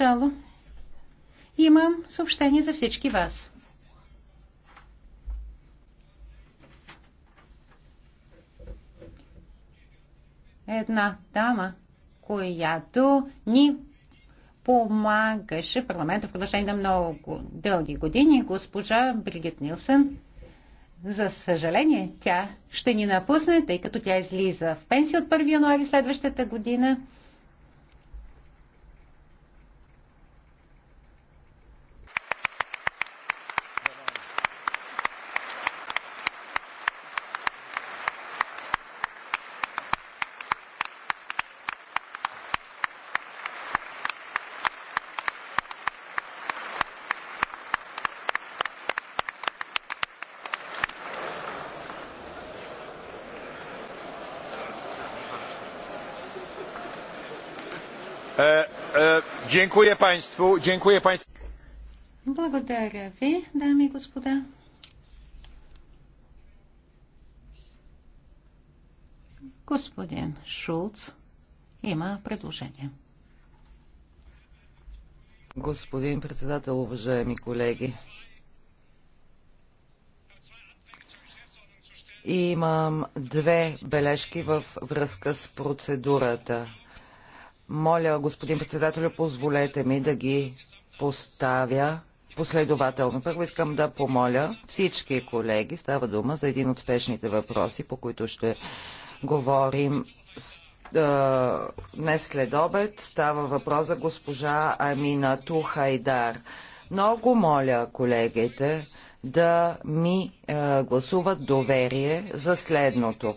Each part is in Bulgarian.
начало имам съобщение за всички вас. Една дама, която ни помагаше в парламента в продължение на много дълги години, госпожа Бригит Нилсън. За съжаление, тя ще ни напусне, тъй като тя излиза в пенсия от 1 януари следващата година. Państwu. Благодаря ви, дами и господа. Господин Шулц има предложение. Господин председател, уважаеми колеги, имам две бележки във връзка с процедурата. Моля, господин председател, позволете ми да ги поставя последователно. Първо искам да помоля всички колеги, става дума за един от спешните въпроси, по които ще говорим днес след обед. Става въпрос за госпожа Амина Тухайдар. Много моля колегите да ми гласуват доверие за следното.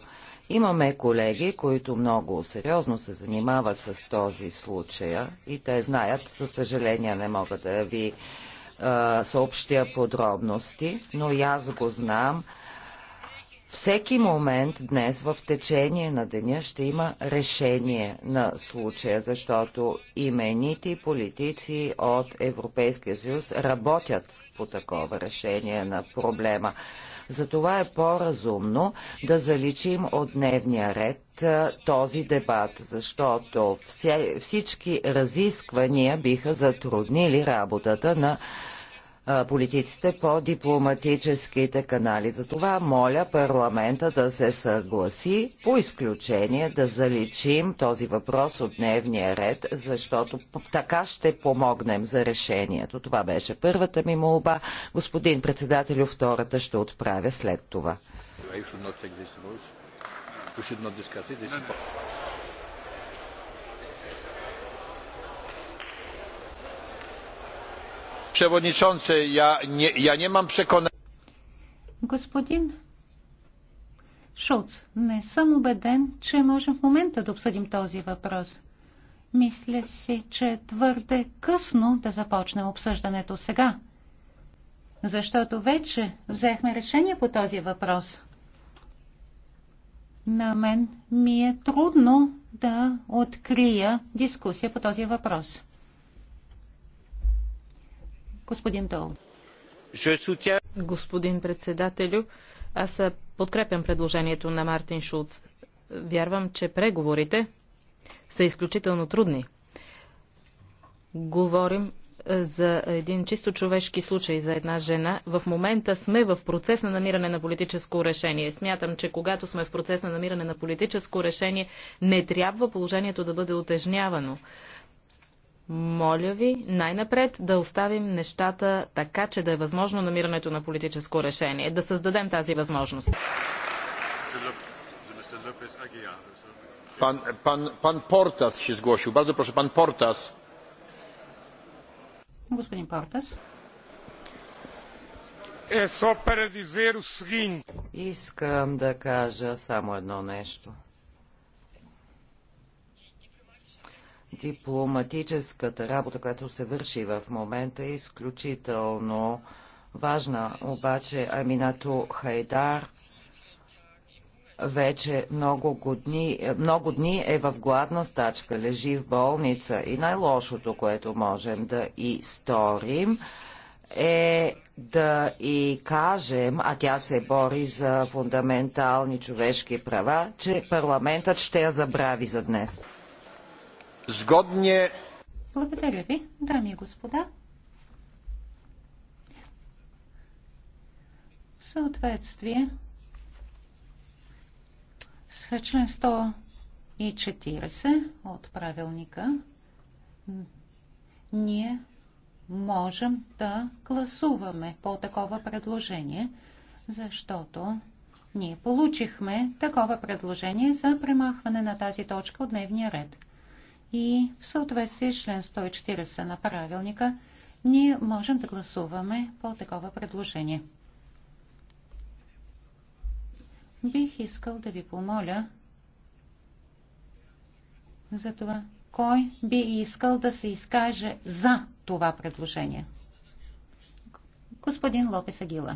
Имаме колеги, които много сериозно се занимават с този случай и те знаят, със съжаление не мога да ви а, съобщя подробности, но и аз го знам. Всеки момент днес в течение на деня ще има решение на случая, защото имените политици от Европейския съюз работят по такова решение на проблема. Затова е по-разумно да заличим от дневния ред този дебат, защото всички разисквания биха затруднили работата на политиците по дипломатическите канали. Затова моля парламента да се съгласи по изключение да заличим този въпрос от дневния ред, защото така ще помогнем за решението. Това беше първата ми молба. Господин председателю, втората ще отправя след това. przewodniczący, ja nie, mam przekonania. Господин Шуц, не съм убеден, че можем в момента да обсъдим този въпрос. Мисля си, че е твърде късно да започнем обсъждането сега, защото вече взехме решение по този въпрос. На мен ми е трудно да открия дискусия по този въпрос. Господин Дол. Господин председателю, аз подкрепям предложението на Мартин Шулц. Вярвам, че преговорите са изключително трудни. Говорим за един чисто човешки случай за една жена. В момента сме в процес на намиране на политическо решение. Смятам, че когато сме в процес на намиране на политическо решение, не трябва положението да бъде отежнявано. Моля ви, най-напред да оставим нещата така, че да е възможно намирането на политическо решение, да създадем тази възможност. Pan, pan, pan Portas się zgłosił. Bardzo proszę, pan Portas. Господин Портас. Е, е Искам да кажа само едно нещо. Дипломатическата работа, която се върши в момента е изключително важна. Обаче Аминато Хайдар вече много дни, много дни е в гладна стачка, лежи в болница и най-лошото, което можем да и сторим, е да и кажем, а тя се бори за фундаментални човешки права, че парламентът ще я забрави за днес. Zgodnie... Благодаря ви, дами и господа. В съответствие с член 140 от правилника ние можем да гласуваме по такова предложение, защото ние получихме такова предложение за премахване на тази точка от дневния ред и в съответствие с член 140 на правилника ние можем да гласуваме по такова предложение. Бих искал да ви помоля за това, кой би искал да се изкаже за това предложение. Господин Лопес Агила.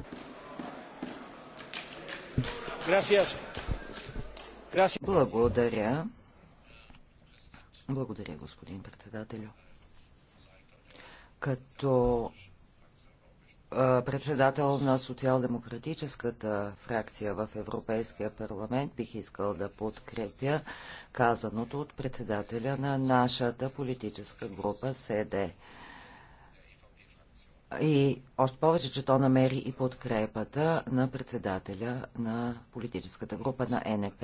Благодаря. Благодаря, господин председателю. Като председател на социал-демократическата фракция в Европейския парламент, бих искал да подкрепя казаното от председателя на нашата политическа група СД. И още повече, че то намери и подкрепата на председателя на политическата група на НП.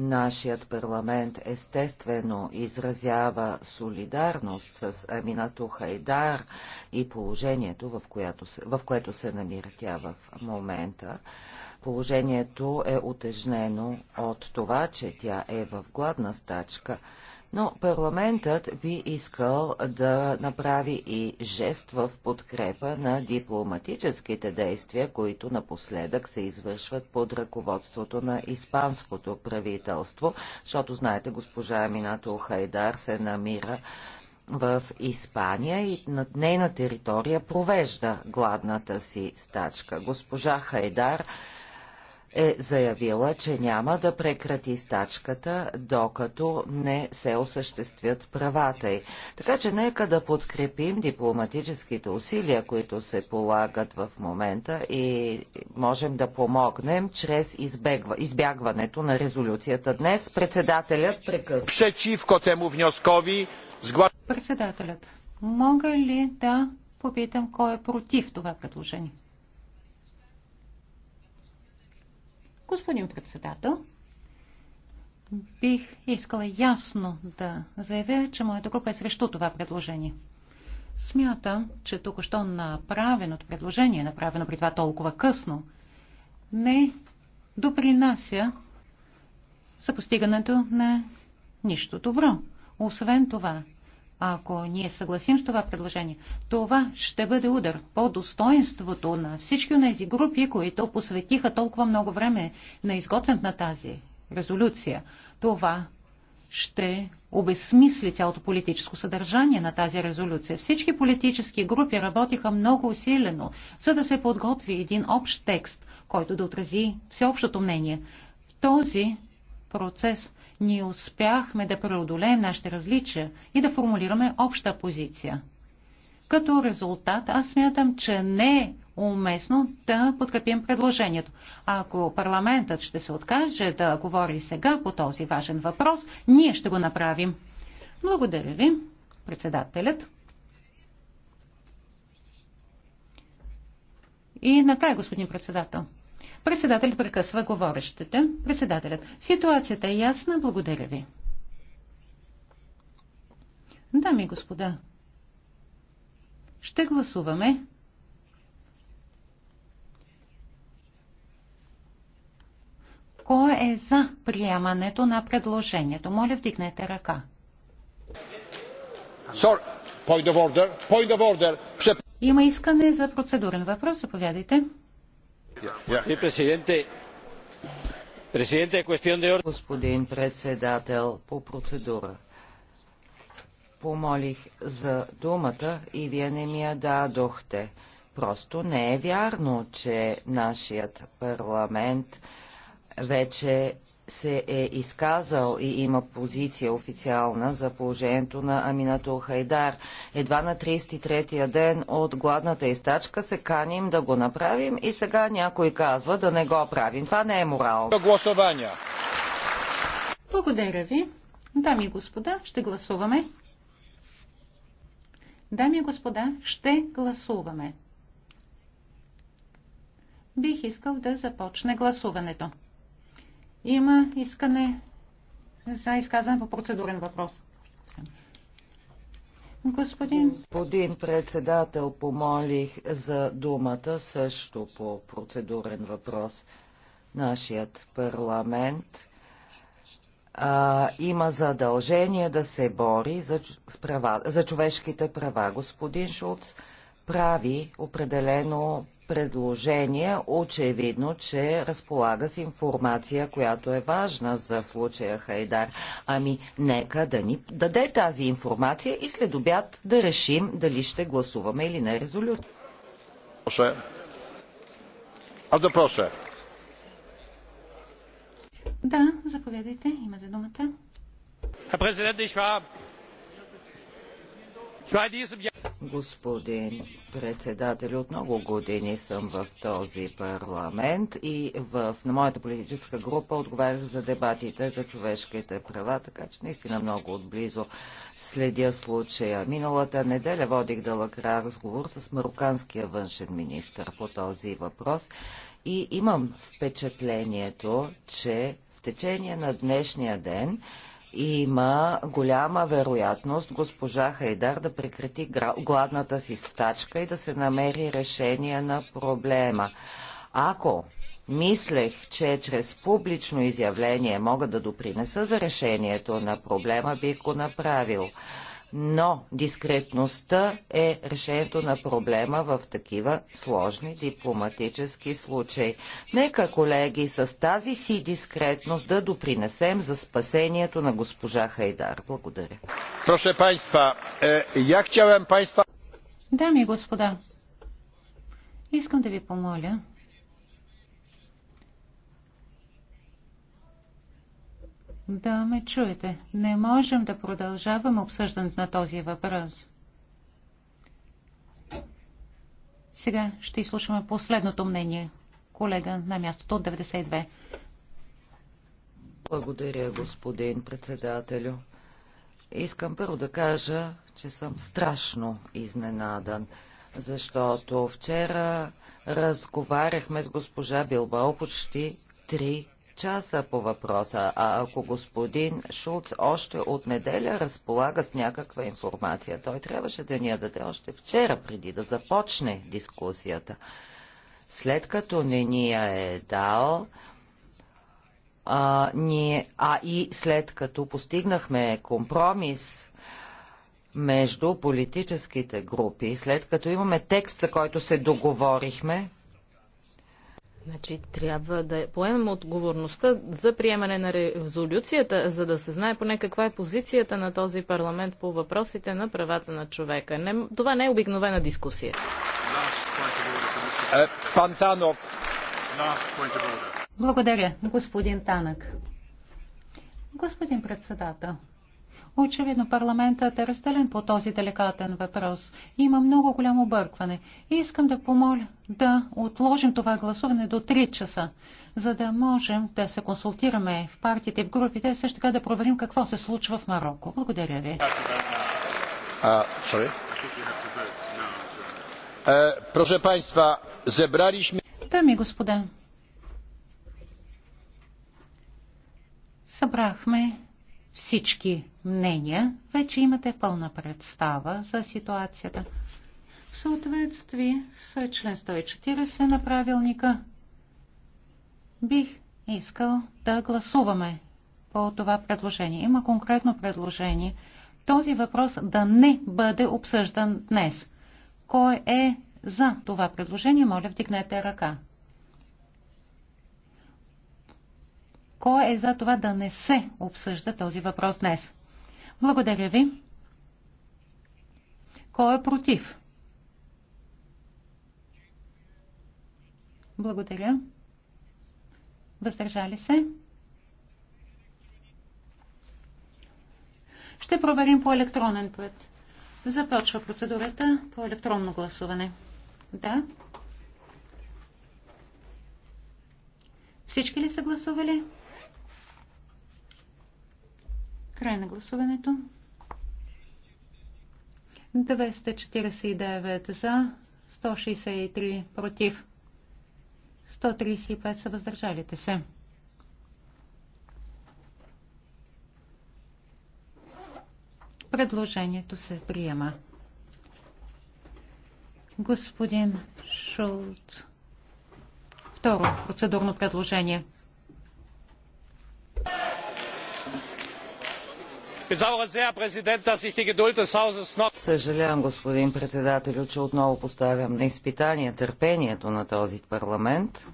Нашият парламент естествено изразява солидарност с Аминато Хайдар и положението, в, която се, в което се намира тя в момента. Положението е отежнено от това, че тя е в гладна стачка но парламентът би искал да направи и жест в подкрепа на дипломатическите действия, които напоследък се извършват под ръководството на испанското правителство, защото, знаете, госпожа Минато Хайдар се намира в Испания и на нейна територия провежда гладната си стачка. Госпожа Хайдар е заявила, че няма да прекрати стачката, докато не се осъществят правата й. Така че нека да подкрепим дипломатическите усилия, които се полагат в момента и можем да помогнем чрез избегва, избягването на резолюцията днес. Председателят прекъсва. Пречивко тему вноскови. Председателят, мога ли да попитам кой е против това предложение? Господин председател, бих искала ясно да заявя, че моята група е срещу това предложение. Смятам, че току-що направеното предложение, направено при това толкова късно, не допринася за постигането на нищо добро. Освен това, ако ние съгласим с това предложение, това ще бъде удар по достоинството на всички от тези групи, които посветиха толкова много време на изготвянето на тази резолюция. Това ще обесмисли цялото политическо съдържание на тази резолюция. Всички политически групи работиха много усилено, за да се подготви един общ текст, който да отрази всеобщото мнение. В този процес ние успяхме да преодолеем нашите различия и да формулираме обща позиция. Като резултат, аз смятам, че не е уместно да подкрепим предложението. Ако парламентът ще се откаже да говори сега по този важен въпрос, ние ще го направим. Благодаря ви, председателят. И накрая, господин председател. Председателят прекъсва говорещите. Председателят. Ситуацията е ясна. Благодаря ви. Дами и господа, ще гласуваме Кой е за приемането на предложението? Моля, вдигнете ръка. Sorry. Point of order. Point of order. Има искане за процедурен въпрос. Заповядайте. Господин председател, по процедура. Помолих за думата и вие не ми я дадохте. Просто не е вярно, че нашият парламент вече се е изказал и има позиция официална за положението на Аминато Хайдар. Едва на 33-я ден от гладната изтачка се каним да го направим и сега някой казва да не го правим. Това не е морал. Благодаря ви. Дами и господа, ще гласуваме. Дами и господа, ще гласуваме. Бих искал да започне гласуването. Има искане за изказване по процедурен въпрос. Господин... Господин председател, помолих за думата също по процедурен въпрос. Нашият парламент а, има задължение да се бори за, права, за човешките права. Господин Шулц прави определено предложение, очевидно, че разполага с информация, която е важна за случая Хайдар. Ами, нека да ни даде тази информация и след обяд да решим дали ще гласуваме или не резолюция. Bardzo proszę. Да, заповядайте, имате думата. Президент, Präsident, ich war, ich war in diesem Jahr Господин председател, от много години съм в този парламент и в, на моята политическа група отговарях за дебатите за човешките права, така че наистина много отблизо следя случая. Миналата неделя водих дълъг разговор с мароканския външен министр по този въпрос и имам впечатлението, че в течение на днешния ден има голяма вероятност госпожа Хайдар да прекрати гладната си стачка и да се намери решение на проблема. Ако мислех, че чрез публично изявление мога да допринеса за решението на проблема, бих го направил но дискретността е решението на проблема в такива сложни дипломатически случаи. Нека, колеги, с тази си дискретност да допринесем за спасението на госпожа Хайдар. Благодаря. Проше państwa, е, я chciałem państwa... Дами и господа, искам да ви помоля да ме чуете. Не можем да продължаваме обсъждането на този въпрос. Сега ще изслушаме последното мнение. Колега на мястото от 92. Благодаря, господин председателю. Искам първо да кажа, че съм страшно изненадан, защото вчера разговаряхме с госпожа Билбал почти три часа по въпроса, а ако господин Шулц още от неделя разполага с някаква информация, той трябваше да ни я даде още вчера, преди да започне дискусията. След като не ни я е дал, а, ние, а и след като постигнахме компромис между политическите групи, след като имаме текст, за който се договорихме, Значи трябва да поемем отговорността за приемане на резолюцията, за да се знае поне каква е позицията на този парламент по въпросите на правата на човека. Не, това не е обикновена дискусия. Е, пан Танок. Благодаря, господин Танък. Господин председател, Очевидно парламентът е разделен по този деликатен въпрос. Има много голямо объркване. Искам да помоля да отложим това гласуване до 3 часа, за да можем да се консултираме в партиите и в групите, също така да проверим какво се случва в Марокко. Благодаря ви. Uh, uh, proszę Państwa, zebraliśmy... Дами и господа, събрахме всички мнения, вече имате пълна представа за ситуацията. В съответствие с член 140 на правилника бих искал да гласуваме по това предложение. Има конкретно предложение този въпрос да не бъде обсъждан днес. Кой е за това предложение? Моля, вдигнете ръка. Кой е за това да не се обсъжда този въпрос днес? Благодаря ви. Кой е против? Благодаря. Въздържали се? Ще проверим по електронен път. Започва процедурата по електронно гласуване. Да. Всички ли са гласували? Край на гласуването. 249 за, 163 против, 135 са въздържалите се. Предложението се приема. Господин Шулц. Второ процедурно предложение. Съжалявам, господин председателю, че отново поставям на изпитание търпението на този парламент.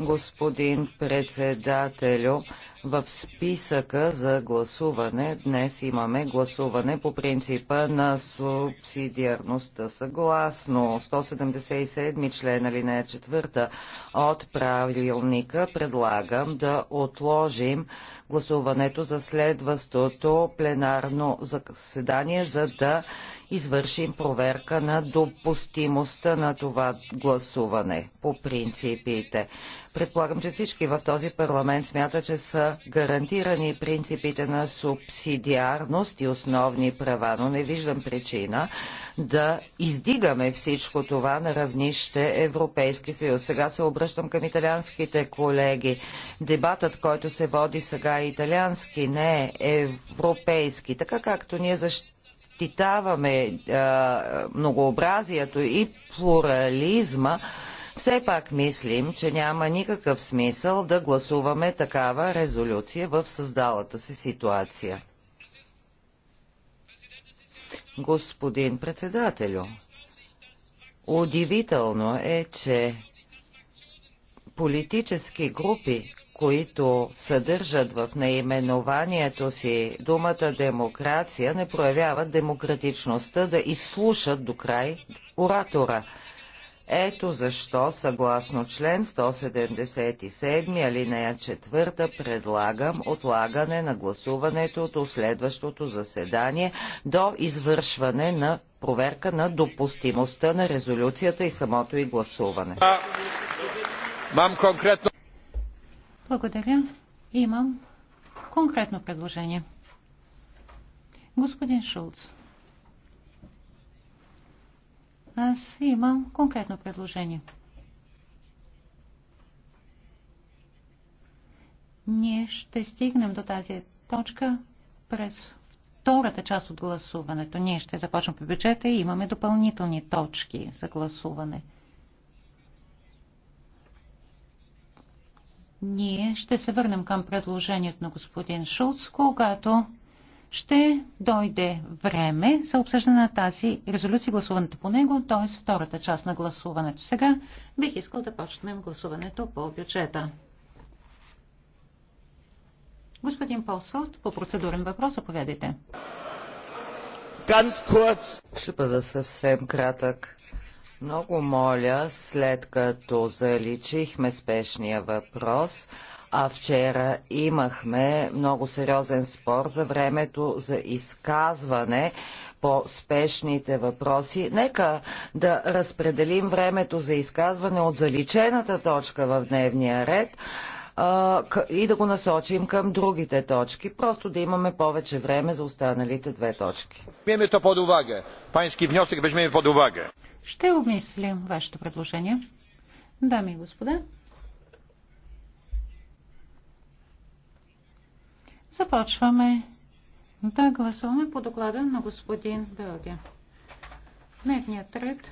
Господин председателю, в списъка за гласуване днес имаме гласуване по принципа на субсидиарността. Съгласно 177 член алинея 4 от правилника предлагам да отложим гласуването за следващото пленарно заседание, за да извършим проверка на допустимостта на това гласуване по принципите. Предполагам, че всички в този парламент смятат, че са гарантирани принципите на субсидиарност и основни права, но не виждам причина да издигаме всичко това на равнище Европейски съюз. Сега се обръщам към италианските колеги. Дебатът, който се води сега е италиански, не е европейски. Така както ние защитаваме а, многообразието и плурализма, все пак мислим, че няма никакъв смисъл да гласуваме такава резолюция в създалата се ситуация господин председателю. Удивително е, че политически групи, които съдържат в наименованието си думата демокрация, не проявяват демократичността да изслушат до край оратора. Ето защо, съгласно член 177, алинея 4, предлагам отлагане на гласуването до следващото заседание до извършване на проверка на допустимостта на резолюцията и самото и гласуване. Мам конкретно... Благодаря. Имам конкретно предложение. Господин Шулц. Аз имам конкретно предложение. Ние ще стигнем до тази точка през втората част от гласуването. Ние ще започнем по бюджета и имаме допълнителни точки за гласуване. Ние ще се върнем към предложението на господин Шулц, когато ще дойде време за обсъждане на тази резолюция, гласуването по него, т.е. втората част на гласуването. Сега бих искал да почнем гласуването по бюджета. Господин Посълт, по процедурен въпрос, заповядайте. Ще бъда съвсем кратък. Много моля, след като заличихме спешния въпрос, а вчера имахме много сериозен спор за времето за изказване по спешните въпроси. Нека да разпределим времето за изказване от заличената точка в дневния ред и да го насочим към другите точки. Просто да имаме повече време за останалите две точки. Меме то под увага. Пански вносик възьмем под увага. Ще обмислим вашето предложение. Дами и господа, Започваме да гласуваме по доклада на господин Белге. Дневният ред